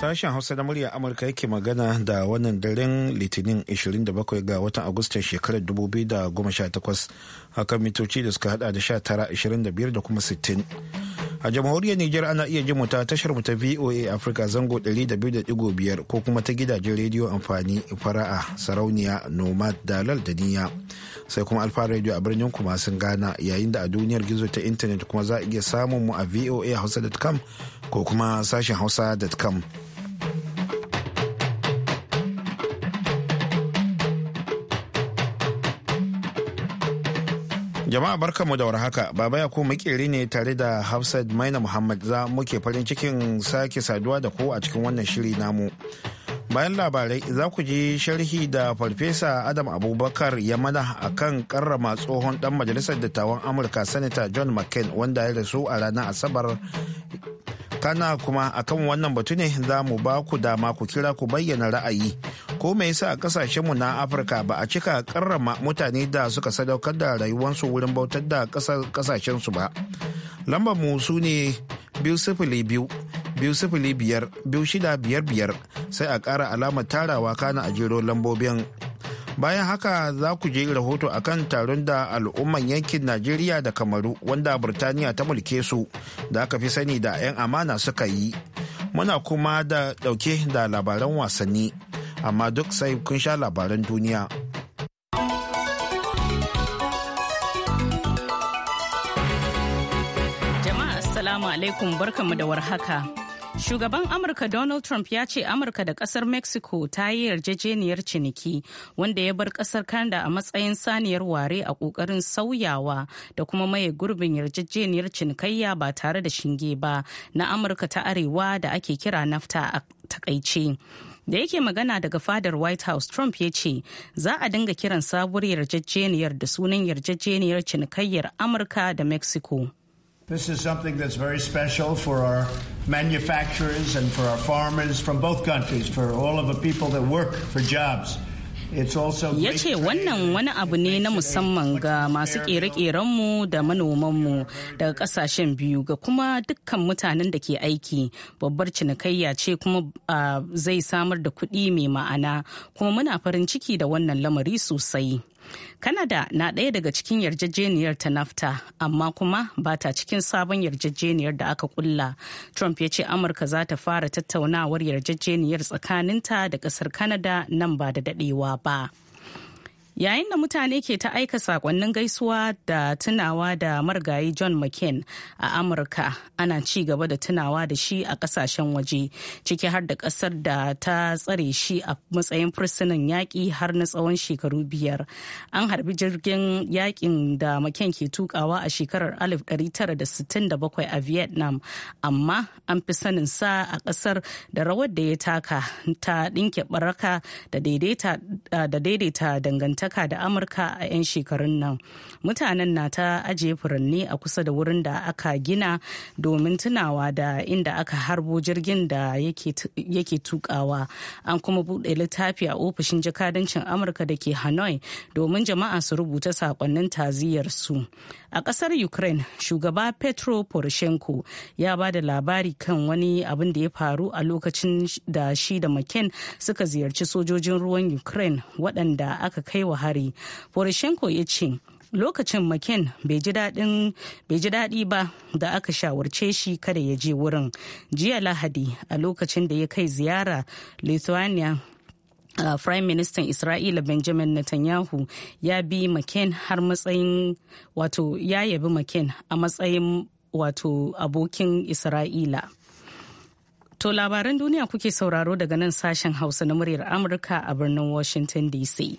Sashen Hausa na murya Amurka yake magana da wannan daren Litinin 27 ga watan Agustan shekarar 2018 kan mitoci da suka hada da 1925 da kuma 60. A jamhuriyar Nijar ana iya jin ta tashar ta VOA Africa zango 200.5 ko kuma ta gidajen rediyo amfani fara'a sarauniya nomad dalal da niyya. sai kuma alfa radio a birnin kuma sun gana yayin da a duniyar gizo ta intanet kuma za a iya samun mu a voa hausa.com ko kuma sashen hausa.com Jama'a barkanmu da warhaka, Baba ku makere ne tare da Hafsat Maina Muhammad za muke farin cikin sake saduwa da ku a cikin wannan shiri namu. Bayan labarai za ku ji sharhi da Farfesa Adam Abubakar ya mana a kan karrama tsohon dan majalisar dattawan Amurka Sanata John McCain wanda ya rasu a ranar Asabar kana kuma akan wannan batu ne za mu ba ku dama ku kira ku bayyana ra'ayi ko mai yasa a kasashenmu na afirka ba a cika karrama mutane da suka sadaukar da rayuwarsu wurin bautar da kasashensu ba lambar mu su ne biyu sifili biyu biyu sifili biyar biyu shida biyar biyar sai a kara alamar tarawa kana a jero lambobin bayan haka za ku je rahoto a kan taron da al'umman yankin najeriya da kamaru wanda Birtaniya ta mulke su da aka fi sani da 'yan amana suka yi muna kuma da dauke da labaran wasanni amma duk sai kun sha labaran duniya jama'a assalamu alaikum barkanmu da warhaka Shugaban Amurka Donald Trump ya ce Amurka da ƙasar Mexico ta yi yarjejeniyar ciniki wanda ya bar ƙasar Canada a matsayin saniyar ware a ƙoƙarin sauyawa da kuma maye gurbin yarjejeniyar cinikayya ba tare da shinge ba na Amurka ta Arewa da ake kira NAFTA a takaice. da yake magana daga fadar white house trump ya ce za a dinga kiran sabuwar yarjejeniyar da sunan yarjejeniyar cinikayyar amurka da mexico This is something that's very special for our manufacturers and for our farmers from both countries, for all of the people that work for jobs. ya ce wannan wani abu ne na musamman ga masu kere-kerenmu da manomanmu daga kasashen biyu ga kuma dukkan mutanen da ke aiki babbar cinikayya ce kuma zai samar da kuɗi mai ma'ana kuma muna farin ciki da wannan lamari sosai. Kanada na ɗaya daga cikin yarjejeniyar ta NAFTA, amma kuma ba ta cikin sabon yarjejeniyar da aka kulla. Trump ya ce Amurka za ta fara tattaunawar yarjejeniyar tsakaninta da ƙasar Kanada nan ba da daɗewa ba. yayin da mutane ke ta aika sakonnin gaisuwa da tunawa da marigayi john mccain a amurka ana ci gaba da tunawa da shi a kasashen waje ciki har da kasar da ta tsare shi a matsayin fursunan yaƙi har na tsawon shekaru biyar an harbi jirgin yaƙin da mccain ke tukawa a shekarar 1967 a vietnam amma an fi sanin sa a kasar da rawar da ya taka ta ɗinke baraka da daidaita dangantaka dangantaka da amurka a 'yan shekarun nan mutanen na ta ajiye furanni a kusa da wurin da aka gina domin tunawa da inda aka harbo jirgin da yake tukawa an kuma buɗe littafi a ofishin jakadancin amurka da ke hanoi domin jama'a su rubuta sakonnin su a ƙasar ukraine shugaba petro poroshenko ya ba da labari kan wani abin da ya faru a lokacin da shi da mccain suka ziyarci sojojin ruwan ukraine waɗanda aka kai wa buhari hari poroshenko ya ce lokacin makin bai ji daɗi ba da aka shawarce shi kada ya je wurin jiya lahadi a lokacin da ya kai ziyara lithuania Uh, Prime Minister Isra'ila Benjamin Netanyahu ya bi McCain har matsayin wato ya yabi McCain a matsayin wato abokin Isra'ila. To labaran duniya kuke sauraro daga nan sashen Hausa na muryar Amurka a birnin Washington DC.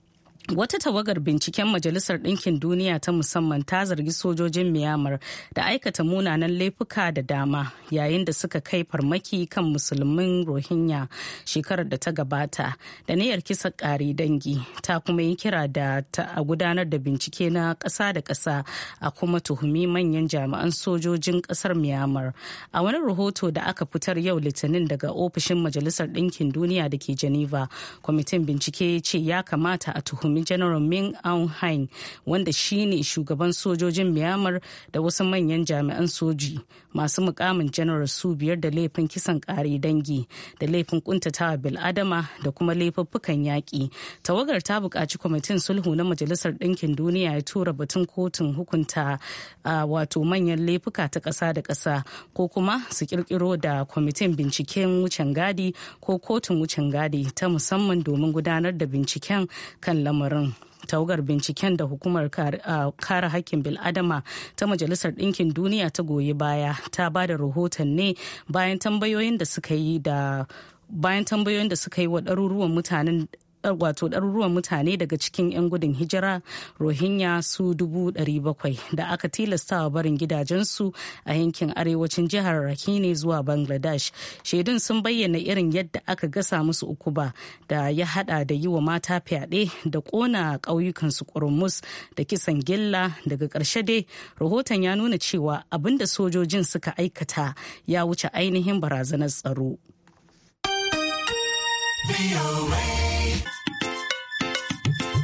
Wata tawagar binciken Majalisar Ɗinkin Duniya ta musamman ta zargi sojojin Myanmar da aikata munanan laifuka da dama yayin da suka kai farmaki kan musulmin Rohingya shekarar da ta gabata da niyyar kisa ƙari dangi ta kuma yi kira da ta a gudanar da bincike na ƙasa da ƙasa a kuma tuhumi manyan jami'an sojojin ƙasar Myanmar. A wani rahoto da aka fitar yau Litinin daga ofishin Majalisar Ɗinkin Duniya da ke Geneva, kwamitin bincike ya ce ya kamata a tuhumi general Ming Aung hain wanda shi ne shugaban sojojin Myanmar da wasu manyan jami'an soji masu mukamin general su biyar da laifin kisan kare dangi da laifin kuntatawa bil'adama da kuma laifuffukan yaƙi. Tawagar ta buƙaci kwamitin sulhu na Majalisar Ɗinkin Duniya ya tura batun kotun hukunta a wato manyan laifuka ta ƙasa da ƙasa ko kuma su ƙirƙiro da kwamitin binciken wucin gadi ko kotun wucin gadi ta musamman domin gudanar da binciken kan lamarin. lamarin tawagar binciken da hukumar kare hakkin bil'adama ta majalisar ɗinkin duniya ta goyi baya ta ba da rahoton ne bayan tambayoyin da suka yi da bayan tambayoyin da suka yi wa ɗaruruwan mutanen Eh, wato ɗaruruwan mutane daga cikin 'yan gudun hijira rohingya su dubu da aka tilastawa barin gidajensu a yankin arewacin jihar rakhine zuwa bangladesh shaidun sun bayyana irin yadda aka gasa musu uku ba da ya hada da yi wa mata fyaɗe da ƙona ƙauyukansu ƙurmus da kisan gilla daga ƙarshe dai rahoton ya nuna cewa abin da sojojin suka aikata ya wuce ainihin barazanar tsaro.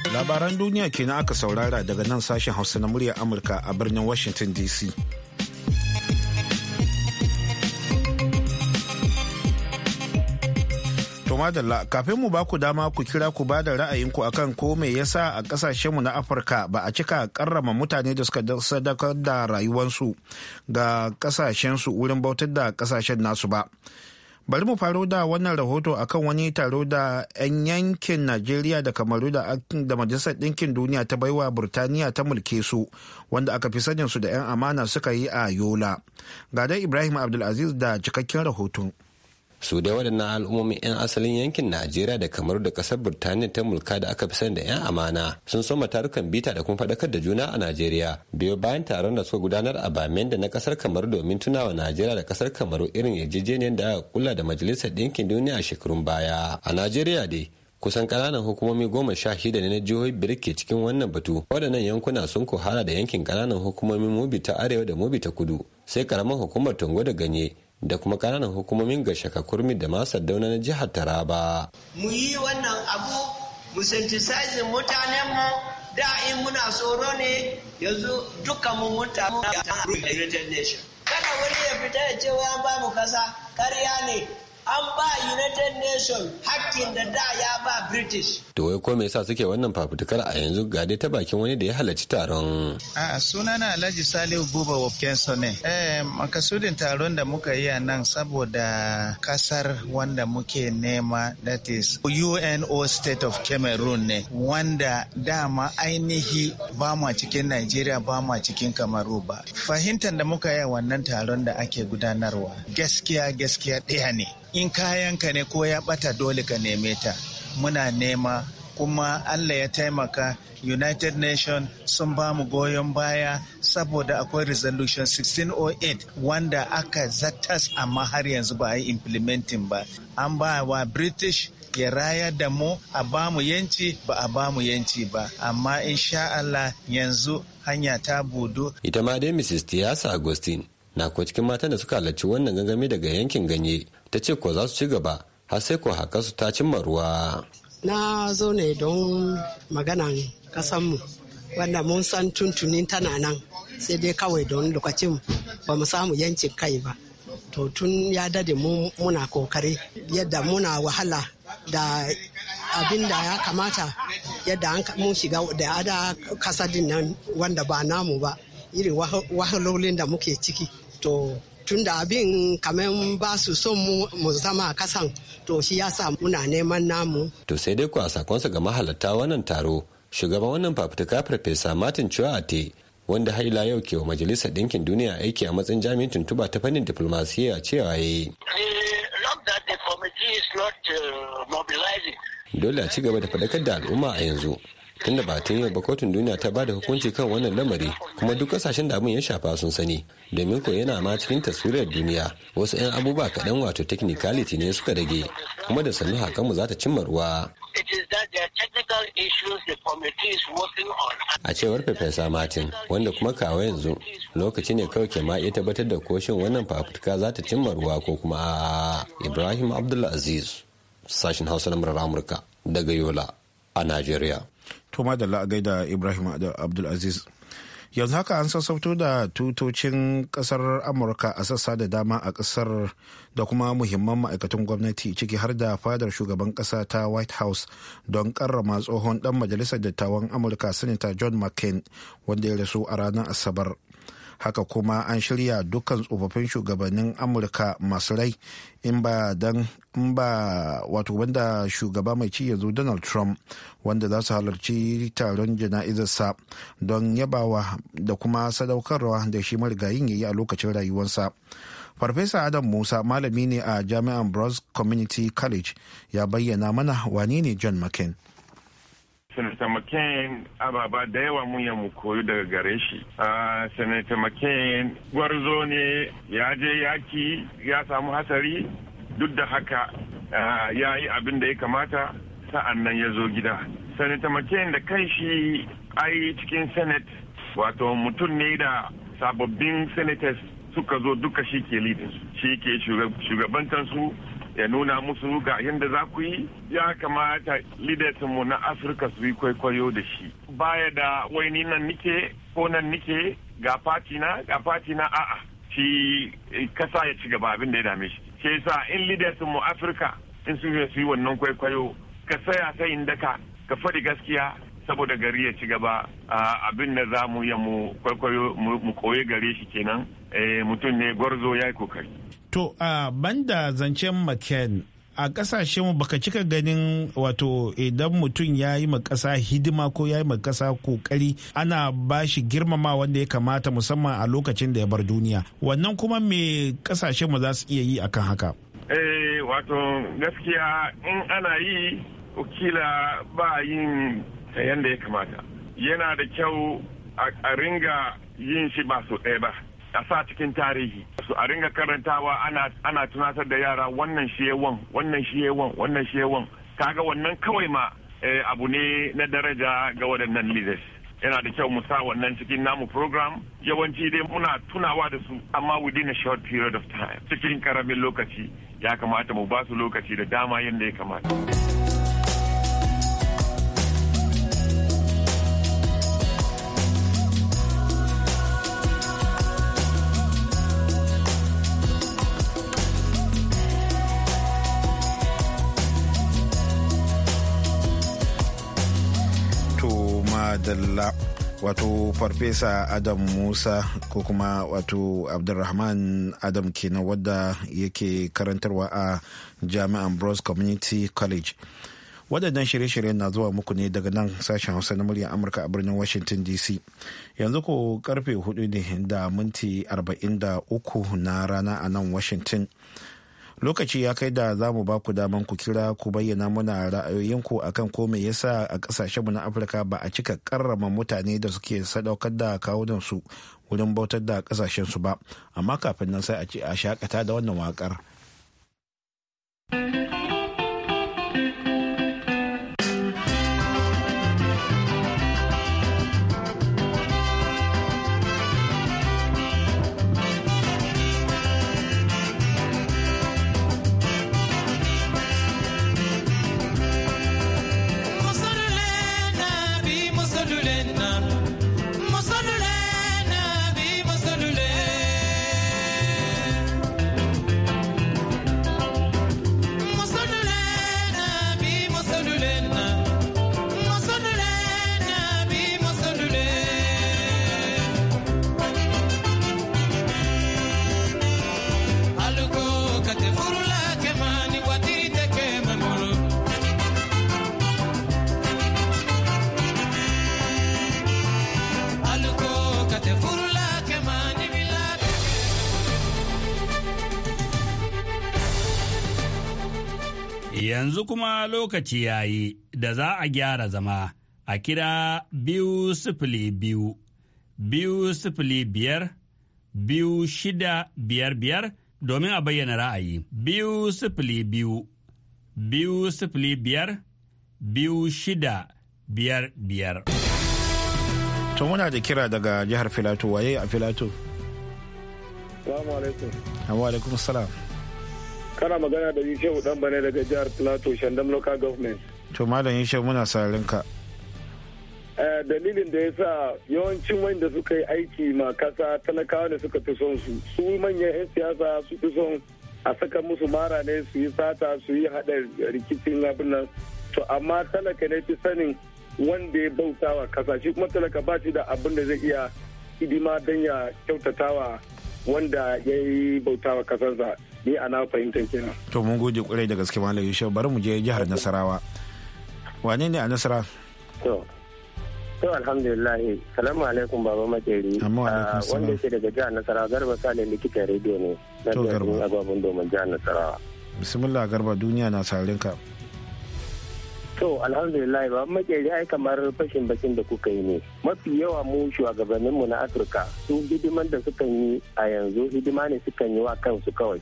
labaran duniya kenan aka saurara daga nan sashen hausa na muryar amurka a birnin washington dc madalla kafin mu baku dama ku kira ku bada ra'ayinku akan ko me yasa a kasashenmu na afirka ba a cika karrama mutane da suka sadakar da rayuwansu ga kasashensu wurin bautar da kasashen nasu ba bari mu faro da wannan rahoto akan wani taro da 'yan yankin najeriya da kamaru da majalisar ɗinkin duniya ta baiwa burtaniya ta mulke su wanda aka fi sanin su da 'yan amana suka yi a yola ga dai ibrahim abdulaziz da cikakken rahoton su da waɗannan al'ummomin 'yan asalin yankin najeriya da kamar da ƙasar birtaniya ta mulka da aka fi sani da 'yan amana sun soma tarukan bita da kuma faɗakar da juna a najeriya biyo bayan taron da suka gudanar a bamen da na ƙasar kamar domin tunawa najeriya da ƙasar kamar irin yarjejeniyar da aka kula da majalisar ɗinkin duniya a shekarun baya a najeriya dai kusan ƙananan hukumomi goma sha shida ne na jihohi ke cikin wannan batu waɗannan yankuna sun kohara da yankin kananan hukumomin mubi ta arewa da mubi ta kudu sai karamar hukumar tongo da ganye da kuma kananan hukumomin Shaka kurmi da masar dauna na jihar taraba mu yi wannan abu mu mutanen mutanenmu da in muna tsoro ne yanzu dukkan mu mutane da united nation kada wani ya fita ya ce wa ba mu kasa karya ne an ba united nation hakkin da da ya ba british to wai ko me yasa suke wannan fafutukar a yanzu ga dai ta bakin wani da ya halarci taron a sunana alhaji salihu buba wafkenson ne eh makasudin taron da muka yi a nan saboda kasar wanda muke nema that is uno state of cameroon ne wanda dama ainihi ba ma cikin nigeria ba ma cikin kamaru ba fahimtar da muka yi a wannan taron da ake gudanarwa gaskiya gaskiya ɗaya ne in kayanka ne ko ya bata dole ka neme ta muna nema kuma allah ya taimaka united nation sun ba mu goyon baya saboda akwai resolution 1608 wanda aka zatas amma har yanzu ba a yi implementing ba an ba wa british ya rayar da mu a ba mu yanci ba a ba mu yanci ba amma insha Allah yanzu hanya ta budu. Ita ma dai Mrs. Tiyasa Agustin na ko cikin matan da suka halarci wannan gangami daga yankin ganye ta ce ko za su ci gaba har sai ko haka su ta cimma ruwa. Na zo ne don maganan kasanmu wanda mun san tuntunin tana nan sai dai kawai don lokacin ba mu samu yancin kai ba. To tun ya dade mu muna kokari yadda muna wahala da abin da ya kamata yadda mun shiga da ada kasadin nan wanda ba namu ba irin wahalolin da muke ciki. To tunda abin kamen ba su son mu zama a kasan to shi ya sa muna neman namu. To sai dai ku a sakonsa ga mahalarta wannan taro shugaban wannan fafutuka farfesa Martin Chuate wanda haila yau ke wa majalisar ɗinkin duniya aiki a matsayin jami'in tuntuba ta fannin diplomasiya cewa ya yi. Uh, Dole a ci gaba da faɗakar da al'umma a yanzu tunda ba tun yau ba kotun duniya ta bada hukunci kan wannan lamari kuma duk kasashen da abin ya shafa sun sani domin ko yana ma cikin taswirar duniya wasu 'yan abubuwa kaɗan wato technicality ne suka rage kuma da sannu hakanmu za ta cimma ruwa a cewar farfesa martin wanda kuma kawo yanzu lokaci ne kawai ke ma iya tabbatar da koshin wannan fafutuka za ta cimma ruwa ko kuma a ibrahim abdulaziz sashen hausa na murar amurka daga yola a najeriya to da la'agai da ibrahim abdulaziz yanzu haka an sassauto da tutocin kasar amurka a sassa da dama a kasar da kuma muhimman ma'aikatan gwamnati ciki har da fadar shugaban kasa ta white house don karrama tsohon dan majalisar dattawan amurka senator john mccain wanda ya rasu a ranar asabar haka kuma an shirya dukkan tsofaffin shugabannin amurka masu rai in ba don ba wato wanda shugaba mai ci yanzu donald trump wanda za su halarci taron jana'izarsa don yabawa da kuma sadaukarwa da shi marigayin yayi a lokacin rayuwarsa farfesa adam musa malami ne a jami'an bros community college ya bayyana mana wane ne john mccain Senator McCain ababa da yawa mun ya mu koyi daga gare shi. Ah, Senator McCain gwarzo ne ya je yaki ya samu hatsari duk da haka ah, ya yi abin da ya kamata sa'an nan ya zo gida. Senator McCain da kan shi ai cikin Senate wato mutum ne da sababbin senators suka zo duka shi ke lidin shi ke shugabantansu ya nuna musu ga yadda za ku yi ya kamata mu na afirka su yi kwaikwayo da shi baya da waini nan nike ko nan nike ga fatina ga fatina a'a shi eh, kasa ya ci gaba abin da ya dame shi ke sa in mu afirka in su yi wannan kwaikwayo ka saya sayin daka ka faɗi gaskiya saboda gari ya ci gaba abin da za mu yi mu kwaikwayo mu koye gare shi kenan eh, mutum ne gwarzo ya yi kokari To a banda zancen McCain a kasashe mu baka cika ganin wato idan mutum ya yi ma kasa hidima ko ya yi ma kasa kokari ana ba shi girmama wanda ya kamata musamman a lokacin da ya bar duniya wannan kuma me kasashe mu za su iya yi akan haka eh wato gaskiya in ana yi kila ba yin yadda ya kamata yana da kyau a ringa yin shi ba su ɗaya ba a cikin tarihi su a ringa karantawa ana tunatar da yara wannan shi yawan wannan shi yawan wannan shi yawan kaga wannan kawai ma eh, abu ne na daraja ga waɗannan leaders yana da kyau mu sa wannan cikin namu program yawanci dai muna tunawa da su amma within a short period of time cikin karamin lokaci ya kamata mu ba su lokaci da dama yadda ya kamata. Abdalla wato farfesa adam musa ko kuma wato abdulrahman adam kenan wadda yake karantarwa a jami'an bros community college waɗannan shirye-shiryen na zuwa muku ne daga nan sashen hausa na muryar amurka a birnin washington dc yanzu ko karfe hudu ne da minti 43 na rana a nan washington lokaci ya kai da za mu ba ku daman ku kira ku bayyana muna ra'ayoyinku akan ko me yasa a mu na afirka ba a cika karrama mutane da suke sadaukar da kawunansu wurin bautar da kasashensu ba amma kafin nan sai a a shakata da wannan wakar. yanzu kuma lokaci ya yi da za a gyara zama a kira biyu sifili biyu biyu sifili biyar biyu shida biyar biyar domin a bayyana ra'ayi biyu sifili biyu biyu sifili biyar biyu shida biyar biyar. To muna da kira daga jihar Filato waye a Filato? Salamu alaikum. Wa alaikum salam. kana magana da yin shehu dan bane daga jihar plateau shandam local government to malam shehu muna sararin ka eh, dalilin da ya sa yawancin wanda suka yi aiki ma kasa talakawa da suka fi son su su manyan 'yan siyasa su fi son a saka musu mara ne su yi sata su yi haɗa rikicin abin nan to amma talaka ne fi sanin wanda ya bauta wa kasa shi kuma talaka ba shi da abin da zai iya hidima don ya kyautatawa wanda ya yi bauta wa kasansa ni na fahimtar kenan to mun gode kwarai da gaske malam yusuf bari mu je jihar nasarawa wane ne a nasara to to alhamdulillah salamu alaikum baba makeri ah, wanda ke daga jihar nasarawa garba sale likita rediyo ne na garba agwabin domin jihar nasarawa bismillah garba duniya na sarin ka to alhamdulillah baba makeri ai kamar fashin bakin da kuka yi ne mafi yawa mu shugabanninmu na afirka su hidiman da sukan yi a yanzu hidima ne sukan yi wa kansu kawai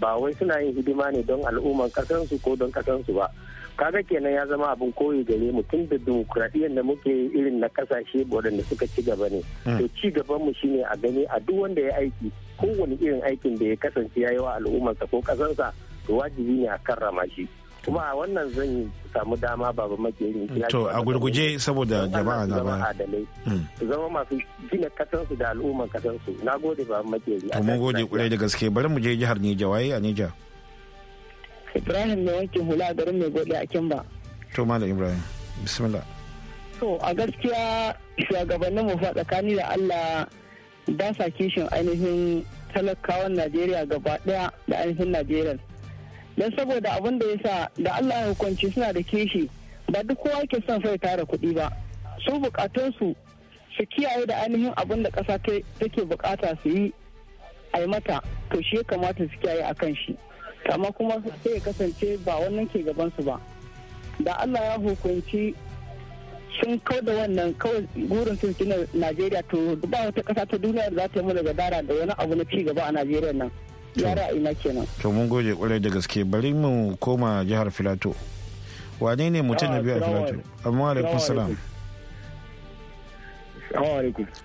ba wai suna yin hidima ne don al'umman kasansu ko don kasansu ba kaga kenan ya zama abin koyi gare mu tun da demokradiyyar da muke irin na kasashe waɗanda suka ci gaba ne hmm. to ci gaban mu shine a gani a duk wanda ya aiki kowane irin aikin da ya kasance ya yi wa al'ummarsa ko kasansa to wajibi ne a karrama shi kuma a wannan zan yi samu dama baba makerin to a gurguje saboda jama'a na ba hmm. zama masu gina kasansu da al'umman kasansu na gode baba makeri to mun gode kurai da gaske bari mu je jihar Neja waye a Neja Ibrahim ne wanke hula garin mai gode a Kimba to malam Ibrahim bismillah to a gaskiya shugabannin mu fa tsakani da Allah ba sa kishin ainihin talakawan Najeriya gaba daya da ainihin Najeriya don saboda abin da ya sa da allah ya hukunci suna da kishi ba duk kowa ke son sai tara kuɗi ba su bukatunsu su kiyaye da ainihin abin da ƙasa take bukata su yi a mata to shi ya kamata su kiyaye a kan shi amma kuma sai ya kasance ba wannan ke gabansu ba da allah ya hukunci sun kau da wannan kawai gurin sun najeriya to ba wata ƙasa ta duniya da za ta yi mu daga dara da wani abu na ci gaba a najeriya nan kenan to mun gode kwarai da gaske bari mu koma jihar filato wane ne mutum na biyu a filato amma alaikum salam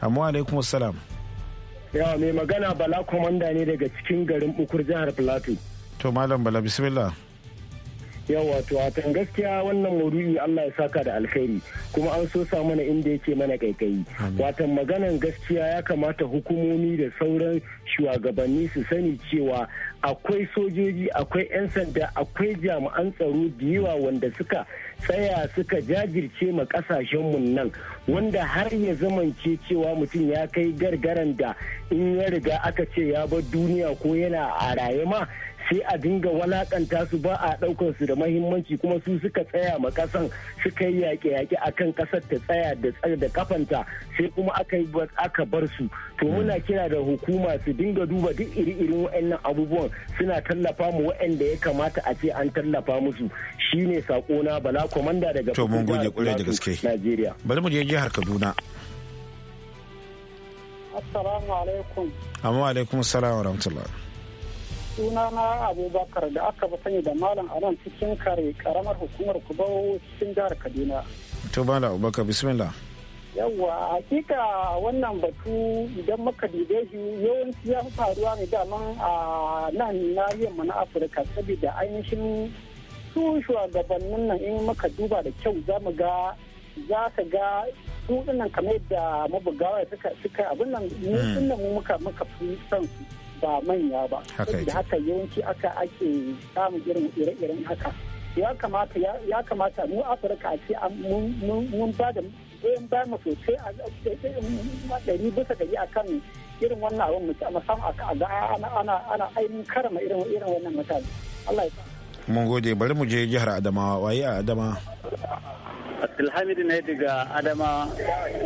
amma alaikum salam yawa mai magana bala kwamanda ne daga cikin garin bukur jihar filato to malam bala bismillah yawa to a kan gaskiya wannan maudu'i Allah ya saka da alkhairi kuma an so sa mana inda yake mana kaikayi watan maganan gaskiya ya kamata hukumomi da sauran shugabanni su sani cewa akwai sojoji akwai 'yan sanda akwai jami'an tsaro da yawa wanda suka tsaya suka jajirce ma kasashenmu nan wanda har ya zamance cewa mutum ya kai gargaran da in ya riga aka ce ya bar duniya ko yana a raye ma sai a dinga walakanta su ba a daukar su da mahimmanci kuma su suka tsaya ma kasan suka yi yaƙe yaƙe akan kasar ta tsaya da tsar da kafanta sai kuma aka yi aka bar su to hmm. muna kira da hukuma su dinga duba duk iri-irin waɗannan abubuwan suna tallafa mu waɗanda ya kamata a ce an tallafa musu shine sako na bala komanda daga to mun gode kure da gaske Najeriya bari mu je jihar Kaduna Assalamu alaikum. Amma alaikum salam wa rahmatullah. sunana abubakar da aka ba sani da malam a nan cikin kare karamar hukumar kubau cikin jihar kaduna to bala abubakar bismillah yawwa hakika wannan batu idan muka dube shi yawanci ya faruwa ne daman a nan nahiyar mu na afirka saboda ainihin su shugabannin nan in maka duba da kyau za mu ga za ka ga su dinnan kamar yadda mabugawa suka abin nan hmm. mu muka muka fi san su ba manya ba saboda haka yawanci aka ake samun irin ire-iren haka ya kamata ya kamata mu afirka a ce mun ba da goyon eh, ba mu sosai a eh, eh, ɗari bisa ɗari a kan irin wannan abin musamman a ga ana ainihin karama irin wannan mutane Allah ya mun gode bari mu je jihar adamawa waye a adama abdulhamid ne daga adama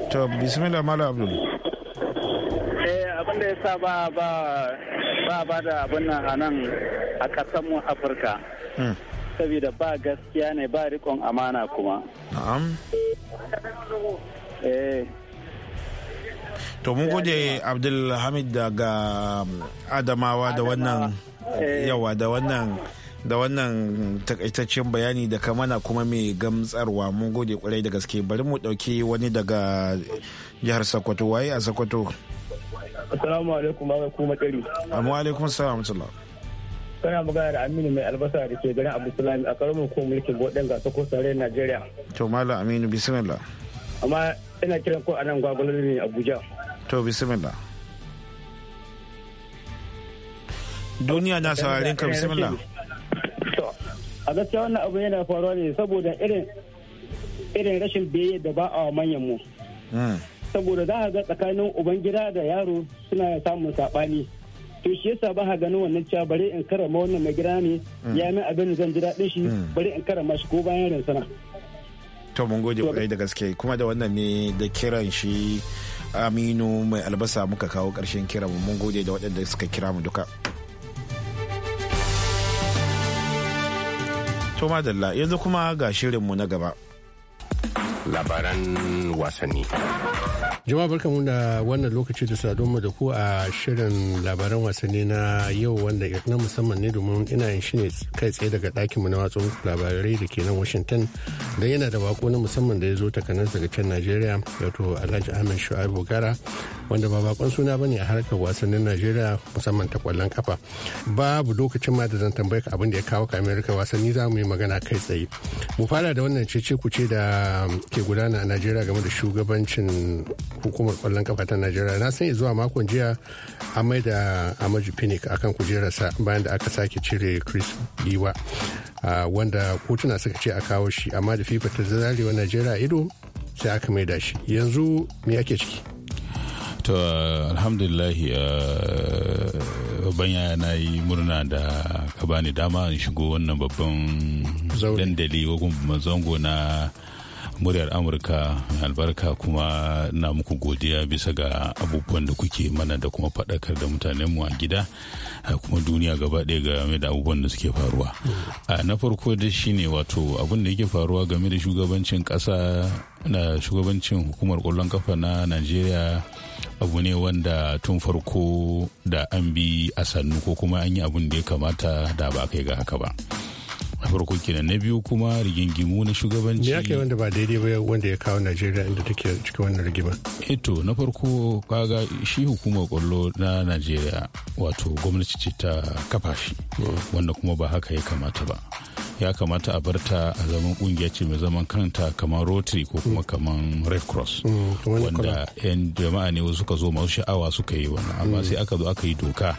to bismillah malam abdul eh abin da ya sa ba ba ba da abin nan a nan a kasanmu mu Afirka. Hmm. Saboda ba gaskiya ne ba rikon amana kuma. Na'am. Eh. To mun gode Abdulhamid daga um, Adamawa da wannan eh. yawa da wannan da wannan takaitaccen bayani da kamana kuma mai gamsarwa mun gode kwarai da gaske bari mu dauki wani daga jihar Sokoto waye a Sokoto. Assalamu alaikum ba ku matsari. Amma alaikum salam Kana magana da Aminu mai albasa da ke garin Abu Sulami a karamin ko mulkin Bodin ga Sokoto tarayyar Najeriya. To Malam Aminu bismillah. Amma ina kiran ko anan gwagwalar ne Abuja. To bismillah. Duniya na sauraren ka bismillah. a gaskiya wannan abu yana faruwa ne saboda irin rashin biyayya da ba a manyan mu. Hmm. saboda za a ga tsakanin uban gida da yaro suna samun saɓani to shi yasa ba ha ganin wannan cewa bari in karama wannan mai gida ne mm. ya min abin zan ji daɗin shi mm. bari in karama shi ko bayan rinsana. to mun gode kwarai da gaske kuma da wannan ne da kiran shi aminu mai albasa muka kawo ƙarshen kiran mun gode da waɗanda suka kira mu duka. to madalla yanzu kuma ga shirinmu na gaba. labaran wasanni. Jama'a mu da wannan lokaci da mu da ku a shirin labaran wasanni na yau wanda na musamman ne domin ina yin shi ne kai tsaye daga mu na watsun labarai da ke nan Washington da yana da bako na musamman da ya zo takanar daga can Najeriya wato Alhaji Ahmed Shu'aibu Gara wanda ba bakon suna bane a harkar wasannin Najeriya musamman ta kwallon kafa. Babu lokacin ma da zan tambaye ka abin da ya kawo ka Amerika wasanni za mu yi magana kai tsaye. Mu fara da wannan cece kuce da ke gudana a Najeriya game da shugabancin hukumar kwallon kafa ta najeriya na san zuwa makon jiya a mai da amaju phoenix akan kujerarsa bayan da aka sake cire chris giwa wanda kotuna suka ce a kawo shi amma da fifa ta zarewa najeriya ido sai aka mai da shi yanzu me ake ciki to alhamdulillahi banya na yi murna da ka bani dama in shigo wannan babban dandali ko zango na muryar amurka albarka kuma na muku godiya bisa ga abubuwan da kuke mana da kuma faɗakar da mutanen mu a gida kuma duniya gaba ɗaya game da abubuwan da suke faruwa na farko da ne wato abin da yake faruwa game da shugabancin ƙasa na shugabancin hukumar kwallon kafa na najeriya abu ne wanda tun farko da an bi a sannu ko kuma an yi abin da ya kamata da ba kai ga haka ba. na farko kenan na biyu kuma rigingimu na shugabanci ya ke wanda ba daidai ba wanda ya kawo najeriya inda take cikin wannan rigima eto na farko kaga shi hukumar kwallo na najeriya wato gwamnati ce ta kafa shi wanda kuma ba haka ya kamata ba ya kamata a bar ta a zaman kungiya ce mai zaman kanta kamar rotary ko kuma kamar red cross mm, wanda 'yan jama'a ne suka zo masu sha'awa suka yi wannan amma mm. sai aka zo aka yi doka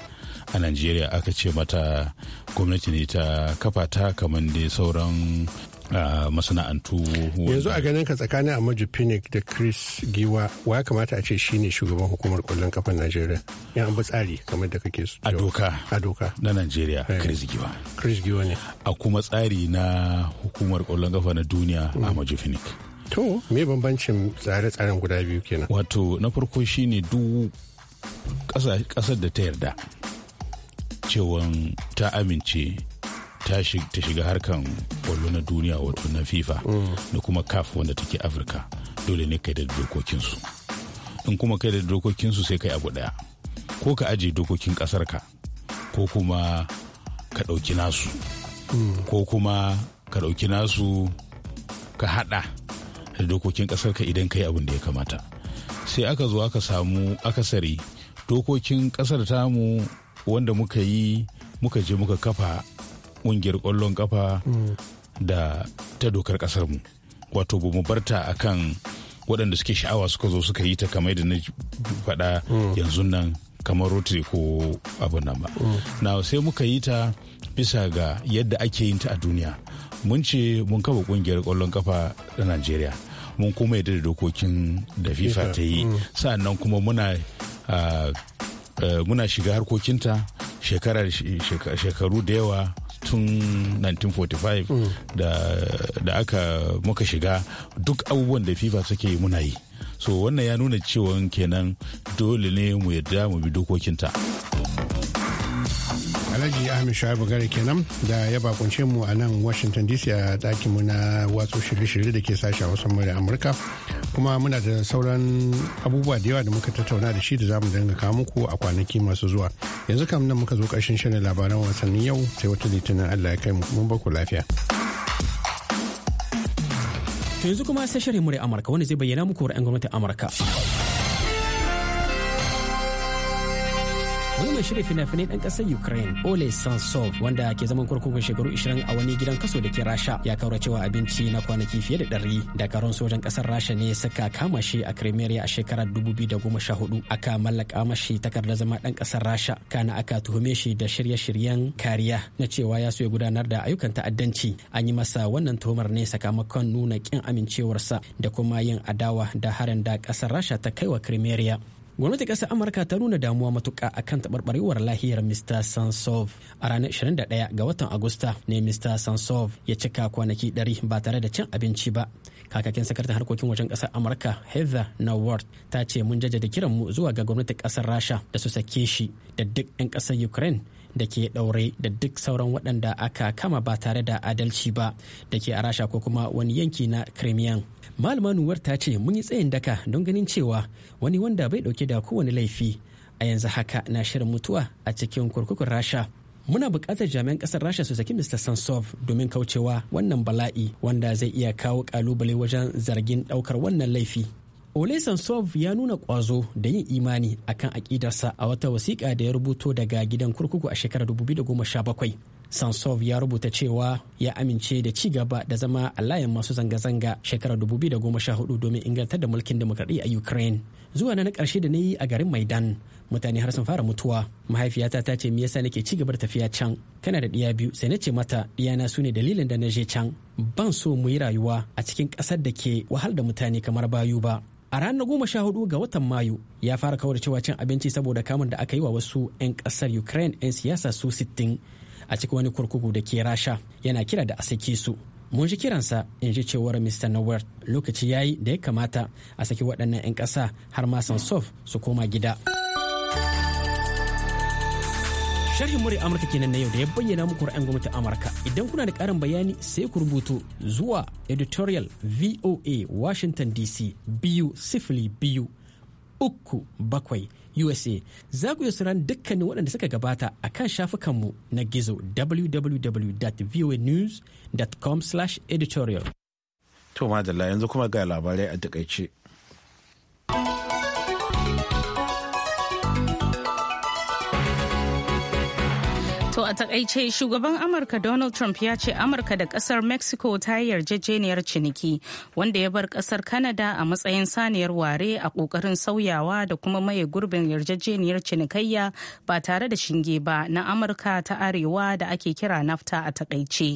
a najeriya aka ce mata gwamnati ne ta kafa ta kamar da sauran masana'antu yanzu a ganin ka tsakanin amaju pinnick da chris giwa wa ya kamata a ce shi ne shugaban hukumar kwallon kafan najeriya ya an bi tsari kamar da kake su a doka a doka na najeriya eh. chris giwa chris giwa ne a kuma tsari na hukumar kwallon kafa na duniya mm. amaju pinnick to me bambancin tsare-tsaren guda biyu kenan wato na farko shine duk kasar da ta yarda cewan ta amince ta shiga harkan kwallo na duniya wato na fifa da kuma kaf wanda take afirka dole ne kai da dokokinsu in kuma kai da dokokinsu sai kai abu daya ko ka aje dokokin kasarka ko kuma ka ɗauki nasu ko kuma ka ɗauki nasu ka haɗa da dokokin ƙasarka idan ka yi abin da ya kamata sai aka zo aka samu akasari dokokin kasar tamu wanda muka yi muka je muka kafa ƙungiyar ƙwallon kafa mm. da ta dokar ƙasar mu wato ba mu barta akan waɗanda suke sha'awa suka zo suka yi ta kamar da na faɗa mm. yanzu nan kamar rotary ko abu nan ba mm. na sai muka yi ta bisa ga yadda ake yin ta a duniya mun ce mun kafa ƙungiyar ƙwallon kafa da najeriya mun kuma yadda da dokokin da fifa ta yi sa'annan kuma muna ah, Eh, muna shiga harkokinta shekaru da yawa tun 1945 mm. da aka muka shiga duk abubuwan da fifa suke muna yi so wannan ya nuna cewa kenan dole ne mu yadda mu bi dokokinta alhaji ahmed shahabu gare kenan da ya bakunce mu a nan washington dc a mu na watsu shirye-shirye da ke sashen wasan murya amurka kuma muna da sauran abubuwa da yawa da muka tattauna da shi da zamu dinga kawo muku a kwanaki masu zuwa yanzu kam nan muka zo karshen shirin labaran wasannin yau sai wata litinin allah ya kai mu mun baku lafiya to yanzu kuma sai shirin murya amurka wanda zai bayyana muku ra'ayin gwamnatin amurka shirya fina-finai ɗan ƙasar Ukraine Ole Sansov wanda ke zaman kurkukun shekaru 20 a wani gidan kaso da ke Rasha ya kaura cewa abinci na kwanaki fiye da ɗari. Dakarun sojan ƙasar Rasha ne suka kama shi a kremeria a shekarar 2014 aka mallaka mashi takardar zama ɗan ƙasar Rasha kana aka tuhume shi da shirye-shiryen kariya na cewa ya so gudanar da ayyukan ta'addanci an yi masa wannan tuhumar ne sakamakon nuna ƙin amincewarsa da kuma yin adawa da harin da ƙasar Rasha ta kai wa gwamnati ƙasar amurka ta nuna damuwa matuƙa akan taɓarɓarewar lahiyar mr sansov a ranar 21 ga watan agusta ne mr sansov ya cika kwanaki 100 ba tare da cin abinci ba kakakin sakarta harkokin wajen ƙasar amurka heather nawart ta ce mun jajjada kiranmu zuwa ga gwamnatin ƙasar rasha da su sake shi da duk 'yan ƙasar ukraine da ke ɗaure da duk sauran waɗanda aka kama ba tare da adalci ba da ke Arasha ko kuma wani yanki na kremiyan Malamanuwar nuwar ta ce mun yi tsayin daka don ganin cewa wani wanda bai ɗauke da kowane laifi a yanzu haka na shirin mutuwa a cikin kurkukun rasha muna buƙatar jami'an ƙasar rasha su saki mr sansov domin kaucewa wannan bala'i wanda zai iya kawo ƙalubale wajen zargin ɗaukar wannan laifi Ole Sansov ya nuna ƙwazo da yin imani akan aƙidarsa a wata wasiƙa da ya rubuto daga gidan kurkuku a shekarar 2017. Sansov ya rubuta cewa ya amince da ci gaba da zama a layin masu zanga-zanga shekarar 2014 domin ingantar da mulkin demokradi a Ukraine. Zuwa na karshe da na yi a garin Maidan, mutane har sun fara mutuwa. Mahaifiyata ta ce me yasa nake ci gaba da tafiya can? Kana da ɗiya biyu sai na ce mata ɗiyana su ne dalilin da na je can. Ban so mu yi rayuwa a cikin ƙasar da ke wahal da mutane kamar bayu ba. a ranar goma sha hudu ga watan mayu ya fara kawar cewa cin abinci saboda kamun da aka yi wa wasu 'yan kasar ukraine 'yan siyasa su 60 a cikin wani kurkuku da ke rasha yana kira da a sake su mun shi kiransa in ji cewar mr nowhere lokaci yayi da ya kamata a saki waɗannan 'yan ƙasa har ma sansof su koma gida. Sharhin murya Amurka kenan na yau da ya bayyana muku ra'ayin gwamnatin Amurka. Idan kuna da ƙarin bayani sai ku rubutu zuwa editorial VOA Washington DC biyu sifili biyu uku bakwai USA. Za ku iya sauran dukkanin waɗanda suka gabata a kan shafukanmu na gizo www.voanews.com/editorial. To madalla yanzu kuma ga labarai a takaice. takaice shugaban Amurka Donald Trump ya ce Amurka da kasar Mexico ta yi yarjejeniyar ciniki wanda ya bar kasar Canada a matsayin saniyar ware a kokarin sauyawa da kuma maye gurbin yarjejeniyar cinikayya ba tare da shinge ba na Amurka ta Arewa da ake kira NAFTA a takaice.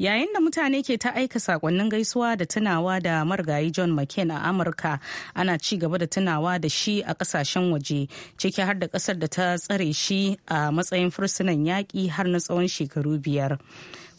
yayin da mutane ke ta aika sakonnin gaisuwa da tunawa da marigayi john mccain a amurka ana ci gaba da tunawa da shi a kasashen waje ciki har da kasar da ta tsare shi a matsayin fursunan yaƙi har na tsawon shekaru biyar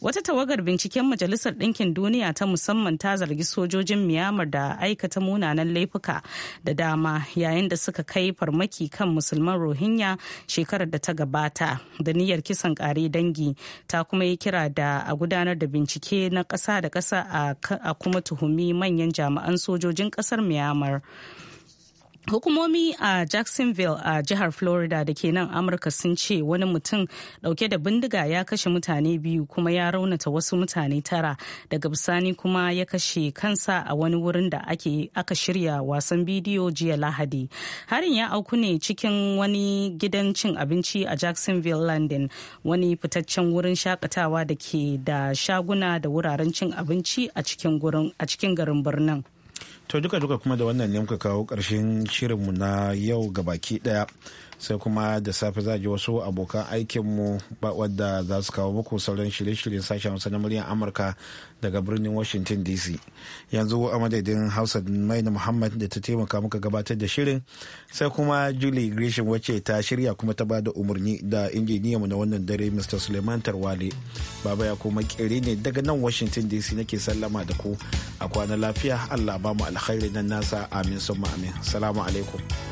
Wata tawagar binciken Majalisar Ɗinkin Duniya ta musamman ta zargi sojojin Myanmar da aikata munanan laifuka da dama yayin da suka kai farmaki kan musulman Rohingya shekarar da ta gabata da niyyar kisan kare dangi ta kuma yi kira da a gudanar da bincike na ƙasa da ƙasa a kuma tuhumi manyan jami'an sojojin ƙasar Myanmar. Hukumomi a Jacksonville a jihar Florida da ke nan Amurka sun ce wani mutum dauke da bindiga ya kashe mutane biyu kuma ya raunata wasu mutane tara daga bisani kuma ya kashe kansa a wani wurin da aka shirya wasan bidiyo jiya Lahadi. Harin ya auku ne cikin wani gidan cin abinci a Jacksonville landing wani fitaccen wurin shakatawa da ke da shaguna da wuraren cin abinci a cikin garin birnin. to duka-duka kuma da wannan ne muka kawo ƙarshen shirinmu na yau gabaki daya. sai kuma da safe za ji wasu abokan aikinmu wadda za su kawo muku sauran shirye-shiryen sashen hausa na muryar amurka daga birnin washington dc yanzu a madadin hausa maina muhammad da ta taimaka muka gabatar da shirin sai kuma julie gresham wacce ta shirya kuma ta bada umarni da injiniyanmu na wannan dare mr suleiman tarwale baba ya kuma kere ne daga nan washington dc nake sallama da ku a kwana lafiya allah ba mu alkhairi nan nasa amin sun amin salamu alaikum